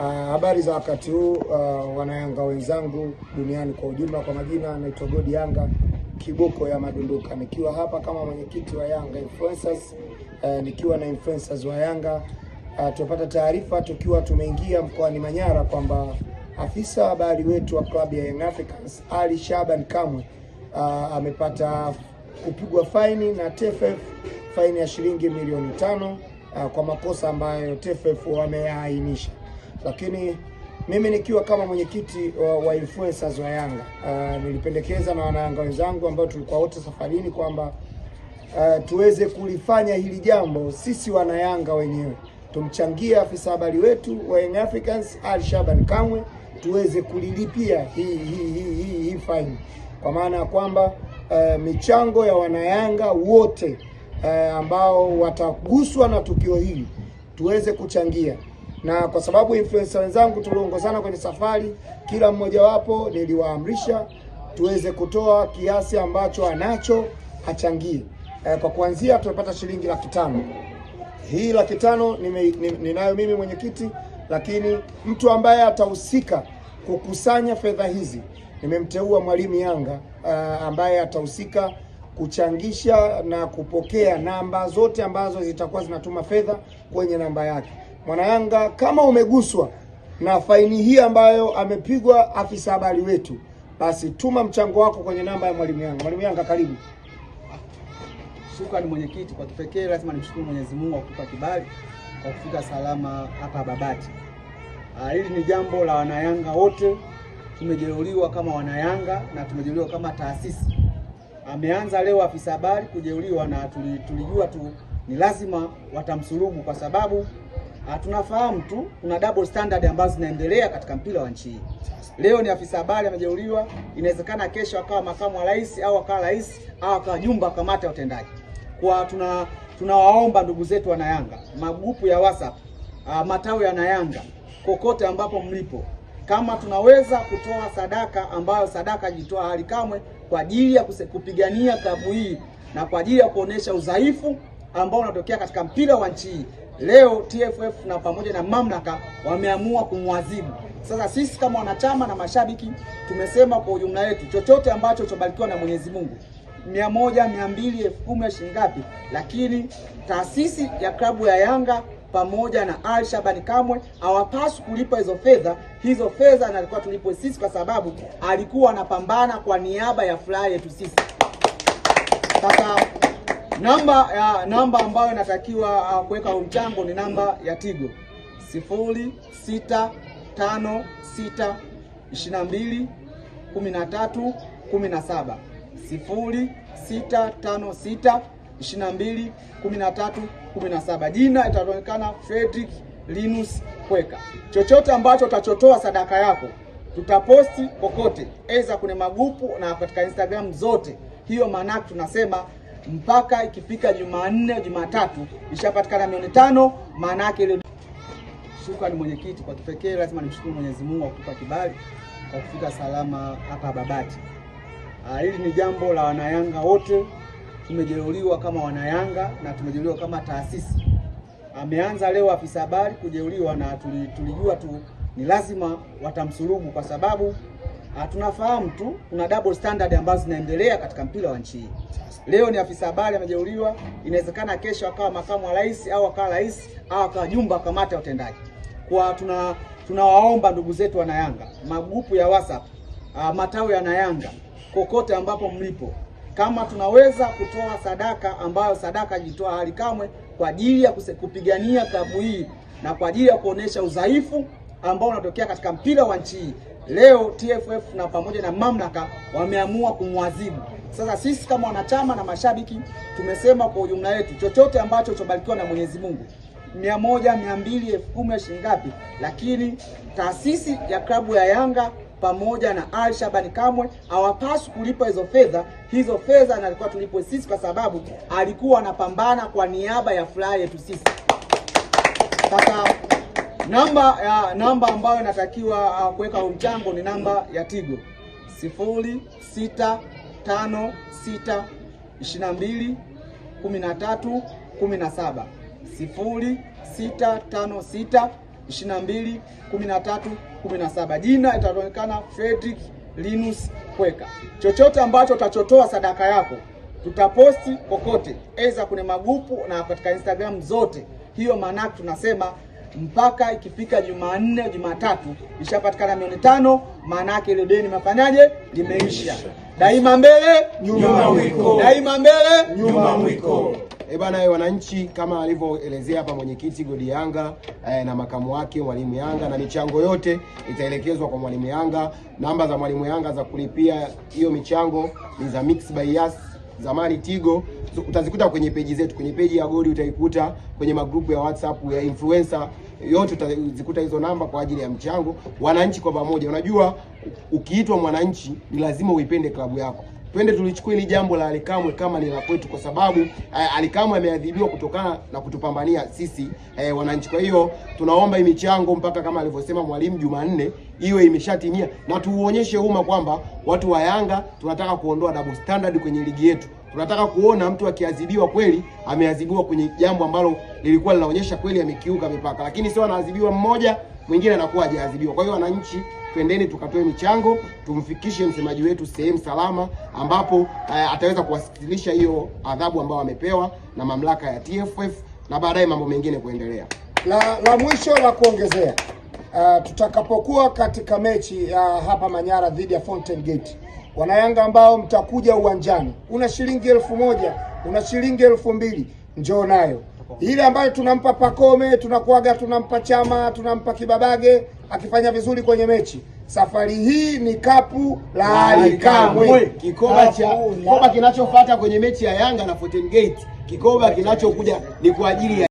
Ah, habari uh, za wakati huu uh, wanayanga wenzangu duniani kwa ujumla. Kwa majina anaitwa Godi Yanga Kiboko ya Madunduka, nikiwa hapa kama mwenyekiti wa Yanga Influencers uh, nikiwa na influencers wa Yanga uh, ah, tupata taarifa tukiwa tumeingia mkoani Manyara kwamba afisa habari wetu wa klabu ya Young Africans Ali Shaban Kamwe uh, amepata kupigwa faini na TFF, faini ya shilingi milioni tano uh, kwa makosa ambayo TFF wameyaainisha lakini mimi nikiwa kama mwenyekiti wa, wa influencers wa Yanga uh, nilipendekeza na wanayanga wenzangu ambao tulikuwa wote safarini kwamba uh, tuweze kulifanya hili jambo sisi wanayanga wenyewe, tumchangie afisa habari wetu wa Young Africans Ali Shaban Kamwe tuweze kulilipia hii hii hii hii hii faini, kwa maana ya kwamba uh, michango ya wanayanga wote uh, ambao wataguswa na tukio hili tuweze kuchangia na kwa sababu influencer wenzangu tuliongozana kwenye safari, kila mmojawapo niliwaamrisha tuweze kutoa kiasi ambacho anacho achangie. E, eh, kwa kuanzia tumepata shilingi laki tano. Hii laki tano ninayo mimi mwenyekiti, lakini mtu ambaye atahusika kukusanya fedha hizi nimemteua Mwalimu Yanga uh, ambaye atahusika kuchangisha na kupokea namba zote ambazo zitakuwa zinatuma fedha kwenye namba yake. Mwanayanga, kama umeguswa na faini hii ambayo amepigwa afisa habari wetu, basi tuma mchango wako kwenye namba ya Mwalimu Yanga. Mwalimu Yanga, karibu. Shukrani mwenyekiti, kwa kipekee lazima nimshukuru Mwenyezi Mungu kwa kutupa kibali kwa kufika salama hapa Babati. Ah, hili ni jambo la wanayanga wote, tumejeruhiwa kama wanayanga na tumejeruhiwa kama taasisi. Ameanza leo afisa habari kujeruhiwa, na tulijua tu ni lazima watamsulubu kwa sababu Ah, tunafahamu tu kuna double standard ambazo zinaendelea katika mpira wa nchi hii. Leo ni afisa habari amejeuliwa, inawezekana kesho akawa makamu wa rais au akawa rais au akawa jumba kamati ya utendaji. Kwa tuna tunawaomba ndugu zetu wana Yanga, magrupu ya WhatsApp, ah, matawi ya Yanga, kokote ambapo mlipo, kama tunaweza kutoa sadaka ambayo sadaka jitoa hali kamwe kwa ajili ya kupigania klabu hii na kwa ajili ya kuonesha udhaifu ambao unatokea katika mpira wa nchi hii Leo TFF na pamoja na mamlaka wameamua kumwadhibu. Sasa sisi kama wanachama na mashabiki tumesema kwa ujumla wetu, chochote ambacho chobarikiwa na Mwenyezi Mungu mia moja, mia mbili, elfu kumi, shilingi ngapi, lakini taasisi ya klabu ya Yanga pamoja na Al Shabani kamwe hawapaswi kulipa hizo fedha. Hizo fedha alikuwa tulipwe sisi, kwa sababu alikuwa anapambana kwa niaba ya furaha yetu sisi. Sasa namba ya namba ambayo inatakiwa ah, kuweka mchango ni namba ya Tigo sifuri sita Jina itaonekana Fredrick Linus Kweka. Chochote ambacho utachotoa sadaka yako tutaposti kokote, aidha kwenye magupu na katika Instagram zote. Hiyo maanake tunasema mpaka ikifika Jumanne Jumatatu ishapatikana milioni tano. Maana yake ile shukrani mwenyekiti, kwa kipekee lazima nimshukuru Mwenyezi Mungu kwa kutupa kibali kwa kufika salama hapa Babati. Ah, hili ni jambo la wanayanga wote, tumejeruhiwa kama wanayanga na tumejeruhiwa kama taasisi. Ameanza leo afisa habari kujeruhiwa, na tulijua tu ni lazima watamsulubu kwa sababu Tunafahamu tu kuna double standard ambazo zinaendelea katika mpira wa nchi hii. Leo ni afisa habari amejeuliwa, inawezekana kesho akawa makamu wa rais au akawa rais au akawa jumba kamati ya utendaji. Kwa tuna tunawaomba ndugu zetu wana Yanga, magrupu ya WhatsApp, uh, matawi ya Yanga, kokote ambapo mlipo, kama tunaweza kutoa sadaka ambayo sadaka jitoa hali kamwe kwa ajili ya kupigania klabu hii na kwa ajili ya kuonesha udhaifu ambao unatokea katika mpira wa nchi hii. Leo TFF na pamoja na mamlaka wameamua kumwadhibu. Sasa sisi kama wanachama na mashabiki tumesema kwa ujumla wetu, chochote ambacho chobarikiwa na Mwenyezi Mungu mia moja, mia mbili, elfu kumi na shilingi ngapi, lakini taasisi ya klabu ya Yanga pamoja na Al Shabani kamwe hawapaswi kulipa hizo fedha. Hizo fedha alikuwa tulipwe sisi, kwa sababu alikuwa anapambana kwa niaba ya furaha yetu sisi sasa Namba ya namba ambayo inatakiwa ah, kuweka mchango ni namba ya Tigo sifuri sita Jina itaonekana Fredrick Linus Kweka. Chochote ambacho utachotoa sadaka yako tutaposti kokote, aidha kwenye magupu na katika Instagram zote. Hiyo maana tunasema mpaka ikifika Jumanne Jumatatu ishapatikana milioni tano, maana yake ile deni mafanyaje limeisha. Daima mbele nyuma mwiko, daima mbele nyuma mwiko. E eh, bana, eh, wananchi, kama alivyoelezea hapa mwenyekiti Godi Yanga eh, na makamu wake Mwalimu Yanga, na michango yote itaelekezwa kwa Mwalimu Yanga. Namba za Mwalimu Yanga za kulipia hiyo michango ni za mix by Yas zamani Tigo utazikuta kwenye peji zetu, kwenye peji ya Godi utaikuta, kwenye magrupu ya WhatsApp ya influencer yote utazikuta hizo namba kwa ajili ya mchango. Wananchi kwa pamoja, unajua ukiitwa mwananchi ni lazima uipende klabu yako twende tulichukua hili jambo la Alikamwe kama ni la kwetu, kwa sababu eh, Alikamwe ameadhibiwa kutokana na kutupambania sisi eh, wananchi. Kwa hiyo tunaomba hii michango mpaka kama alivyosema mwalimu Jumanne iwe imeshatimia, na tuuonyeshe umma kwamba watu wa Yanga tunataka kuondoa double standard kwenye ligi yetu. Tunataka kuona mtu akiadhibiwa kweli ameadhibiwa kwenye jambo ambalo lilikuwa linaonyesha kweli amekiuka mipaka, lakini sio anaadhibiwa mmoja mwingine anakuwa hajaadhibiwa. Kwa hiyo wananchi, twendeni tukatoe michango, tumfikishe msemaji wetu sehemu salama ambapo uh, ataweza kuwasilisha hiyo adhabu ambayo amepewa na mamlaka ya TFF na baadaye mambo mengine kuendelea. La, la mwisho la kuongezea uh, tutakapokuwa katika mechi ya uh, eh, hapa Manyara dhidi ya Fountain Gate, wanayanga ambao mtakuja uwanjani, una shilingi elfu moja una shilingi elfu mbili njoo nayo ile ambayo tunampa Pakome, tunakuaga tunampa Chama, tunampa Kibabage akifanya vizuri kwenye mechi. Safari hii ni kapu la Ali Kamwe, kikoba cha kikoba kinachofuata kwenye mechi ya Yanga na Fountain Gate, kikoba kinachokuja ni kwa ajili ya